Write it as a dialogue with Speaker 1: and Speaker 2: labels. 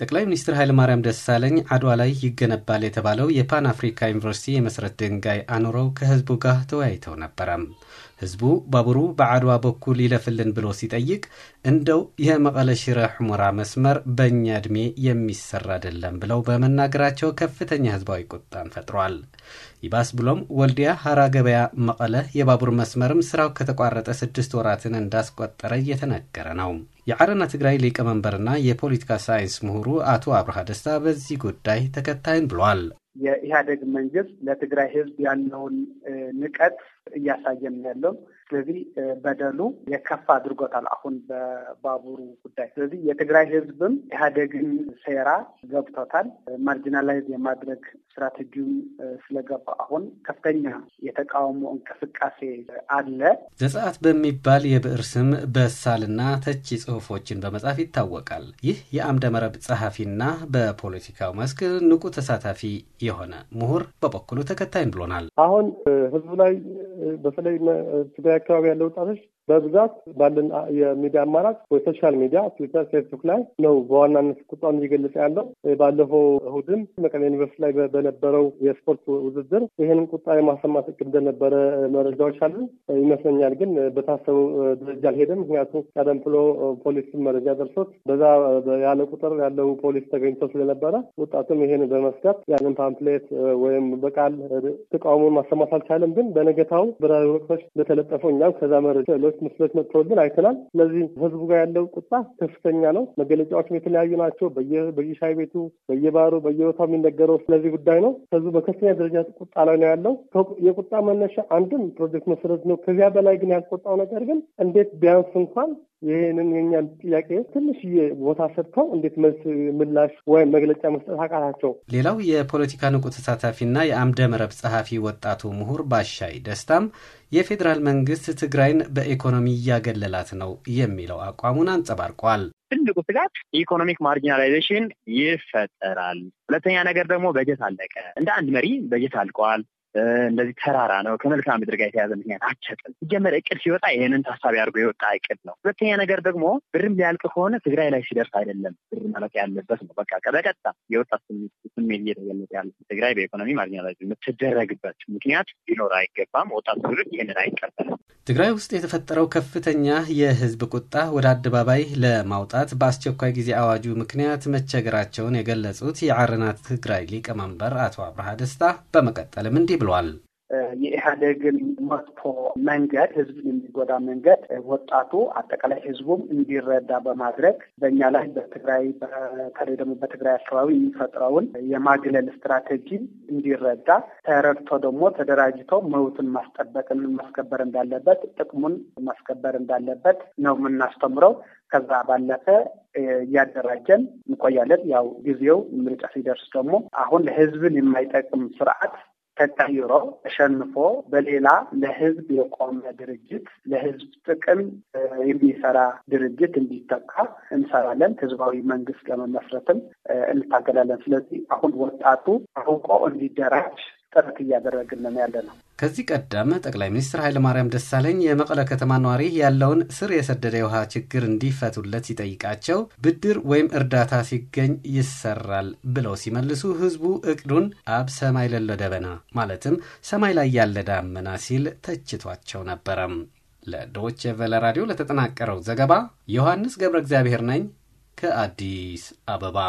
Speaker 1: ጠቅላይ ሚኒስትር ኃይለማርያም ደሳለኝ አድዋ ላይ ይገነባል የተባለው የፓን አፍሪካ ዩኒቨርሲቲ የመሠረት ድንጋይ አኑረው ከህዝቡ ጋር ተወያይተው ነበረም። ህዝቡ ባቡሩ በአድዋ በኩል ይለፍልን ብሎ ሲጠይቅ እንደው የመቐለ ሽረ ሑመራ መስመር በእኛ ዕድሜ የሚሰራ አይደለም ብለው በመናገራቸው ከፍተኛ ህዝባዊ ቁጣን ፈጥሯል። ይባስ ብሎም ወልዲያ ሀራ ገበያ መቐለ የባቡር መስመርም ስራው ከተቋረጠ ስድስት ወራትን እንዳስቆጠረ እየተነገረ ነው። የአረና ትግራይ ሊቀመንበርና የፖለቲካ ሳይንስ ምሁሩ አቶ አብርሃ ደስታ በዚህ ጉዳይ ተከታይን ብሏል።
Speaker 2: የኢህአደግ መንግስት ለትግራይ ህዝብ ያለውን ንቀት እያሳየን ያለው። ስለዚህ በደሉ የከፍ አድርጎታል አሁን በባቡሩ ጉዳይ። ስለዚህ የትግራይ ህዝብም ኢህአዴግን ሴራ ገብቶታል። ማርጂናላይዝ የማድረግ ስትራቴጂውን ስለገባ አሁን ከፍተኛ የተቃውሞ እንቅስቃሴ አለ።
Speaker 1: ዘጸአት በሚባል የብዕር ስም በሳልና ተቺ ጽሁፎችን በመጻፍ ይታወቃል። ይህ የአምደ መረብ ጸሐፊና በፖለቲካው መስክ ንቁ ተሳታፊ የሆነ ምሁር በበኩሉ ተከታይን ብሎናል።
Speaker 3: አሁን ሕዝቡ ላይ በተለይ ትግራይ አካባቢ ያለ ወጣቶች በብዛት ባለን የሚዲያ አማራጭ ሶሻል ሚዲያ ትዊተር፣ ፌስቡክ ላይ ነው በዋናነት ቁጣውን እየገለጸ ያለው። ባለፈው እሁድም መቀሌ ዩኒቨርሲቲ ላይ በነበረው የስፖርት ውድድር ይህንን ቁጣ የማሰማት እቅድ እንደነበረ መረጃዎች አሉ። ይመስለኛል ግን በታሰበው ደረጃ አልሄደም። ምክንያቱም ቀደም ብሎ ፖሊስ መረጃ ደርሶት በዛ ያለ ቁጥር ያለው ፖሊስ ተገኝቶ ስለነበረ ወጣቱም ይህን በመስጋት ያንን ፓምፕሌት ወይም በቃል ተቃውሞን ማሰማት አልቻለም። ግን በነገታው ብራዊ ወቅቶች እንደተለጠፈው እኛም ከዛ መረጃ ሁለት ምስሎች መጥተውልን አይተናል። ስለዚህ ህዝቡ ጋር ያለው ቁጣ ከፍተኛ ነው። መገለጫዎችም የተለያዩ ናቸው። በየሻይ ቤቱ፣ በየባሩ፣ በየቦታው የሚነገረው ስለዚህ ጉዳይ ነው። ህዝቡ በከፍተኛ ደረጃ ቁጣ ላይ ነው ያለው። የቁጣ መነሻ አንድም ፕሮጀክት መሰረት ነው። ከዚያ በላይ ግን ያልቆጣው ነገር ግን እንዴት ቢያንስ እንኳን ይህንን የኛን ጥያቄ ትንሽዬ ቦታ ሰጥተው እንዴት መልስ ምላሽ ወይም መግለጫ መስጠት አቃታቸው።
Speaker 1: ሌላው የፖለቲካ ንቁ ተሳታፊና የአምደ መረብ ጸሐፊ ወጣቱ ምሁር ባሻይ ደስታም የፌዴራል መንግስት ትግራይን በኢኮኖሚ እያገለላት ነው የሚለው አቋሙን አንጸባርቋል።
Speaker 2: ትልቁ ስጋት የኢኮኖሚክ ማርጂናላይዜሽን ይፈጠራል። ሁለተኛ ነገር ደግሞ በጀት አለቀ። እንደ አንድ መሪ በጀት አልቀዋል። እንደዚህ ተራራ ነው ከመልክዓ ምድር ጋር የተያዘ ምክንያት አቸጥም ሲጀመር እቅድ ሲወጣ ይህንን ታሳቢ አድርጎ የወጣ እቅድ ነው። ሁለተኛ ነገር ደግሞ ብርም ሊያልቅ ከሆነ ትግራይ ላይ ሲደርስ አይደለም ብር ማለት ያለበት ነው። በቃ በቀጥታ የወጣ ስሜት እየተገለጠ ያለ ትግራይ በኢኮኖሚ ማግኛ ላይ የምትደረግበት ምክንያት ሊኖር አይገባም። ወጣት ትውልድ ይህንን አይቀር
Speaker 1: ትግራይ ውስጥ የተፈጠረው ከፍተኛ የህዝብ ቁጣ ወደ አደባባይ ለማውጣት በአስቸኳይ ጊዜ አዋጁ ምክንያት መቸገራቸውን የገለጹት የአረና ትግራይ ሊቀመንበር አቶ አብርሃ ደስታ በመቀጠልም እንዲህ ብሏል።
Speaker 2: የኢህአደግን መጥፎ መንገድ፣ ህዝብን የሚጎዳ መንገድ ወጣቱ አጠቃላይ ህዝቡም እንዲረዳ በማድረግ በእኛ ላይ በትግራይ በተለይ ደግሞ በትግራይ አካባቢ የሚፈጥረውን የማግለል ስትራቴጂ እንዲረዳ ተረድቶ ደግሞ ተደራጅቶ መብቱን ማስጠበቅን ማስከበር እንዳለበት፣ ጥቅሙን ማስከበር እንዳለበት ነው የምናስተምረው። ከዛ ባለፈ እያደራጀን እንቆያለን። ያው ጊዜው ምርጫ ሲደርስ ደግሞ አሁን ለህዝብን የማይጠቅም ስርዓት ተቀይሮ ተሸንፎ በሌላ ለህዝብ የቆመ ድርጅት ለህዝብ ጥቅም የሚሰራ ድርጅት እንዲተካ እንሰራለን። ህዝባዊ መንግስት ለመመስረትም እንታገላለን። ስለዚህ አሁን ወጣቱ አውቆ እንዲደራጅ ጥረት እያደረግን ነው ያለ ነው።
Speaker 1: ከዚህ ቀደም ጠቅላይ ሚኒስትር ኃይለማርያም ደሳለኝ የመቀለ ከተማ ነዋሪ ያለውን ስር የሰደደ የውሃ ችግር እንዲፈቱለት ሲጠይቃቸው ብድር ወይም እርዳታ ሲገኝ ይሰራል ብለው ሲመልሱ ህዝቡ እቅዱን አብ ሰማይ ለለ ደበና ማለትም ሰማይ ላይ ያለ ዳመና ሲል ተችቷቸው ነበረም። ለዶች ቨለ ራዲዮ ለተጠናቀረው ዘገባ ዮሐንስ ገብረ እግዚአብሔር ነኝ ከአዲስ አበባ